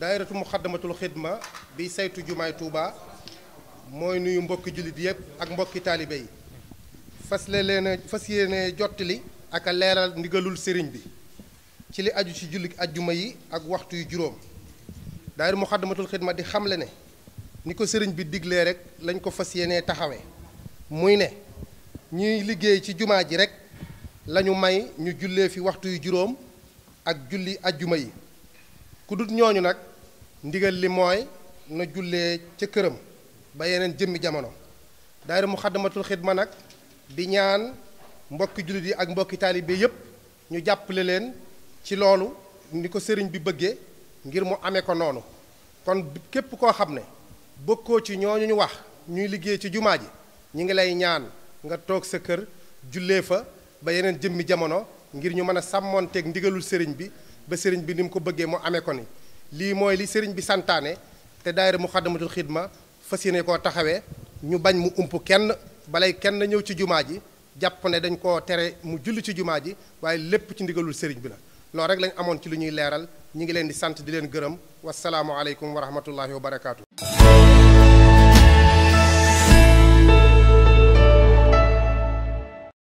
daayiratu muxaddamatul xidma bi saytu jumaay tuuba mooy nuyu mbokki jullit yëpp ak mbokki taalibe yi fas leen a fas yéene jottali ak a leeral ndigalul sëriñ bi ci li aju ci jullit ajjuma yi ak waxtu yu juróom daayira muxaddamatul xidma di xamle ne ni ko sëriñ bi diglee rek lañ ko fas yéene taxawe muy ne ñuy liggéey ci jumaa ji rek lañu may ñu jullee fi waxtu yu juróom ak julli ajjuma yi ku ñooñu nag ndigal li mooy na jullee ca këram ba yeneen jëmmi jamono daayira Muxaddamatul ma nag di ñaan mbokki jullit yi ak mbokki taalibe yépp ñu jàppale leen ci loolu ni ko sëriñ bi bëggee ngir mu amee ko noonu kon képp koo xam ne bokkoo ci ñooñu ñu wax ñuy liggéey ci jumaa ji ñu ngi lay ñaan nga toog sa kër jullee fa ba yeneen jëmmi jamono ngir ñu mën a sàmmoonteeg ndigalul sëriñ bi ba sëriñ bi ni mu ko bëggee mu amee ko ni lii mooy li sëriñ bi santaane te daayira Muxaddamatul Xidma fas yéene koo taxawee ñu bañ mu ump kenn balay kenn ñëw ci jumaa ji jàpp ne dañ ko tere mu julli ci jumaa ji waaye lépp ci ndigalul sëriñ bi la loolu rek lañ amoon ci lu ñuy leeral ñi ngi leen di sant di leen gërëm wasalaamualeykum wa rahmatullahi wa barakaatu.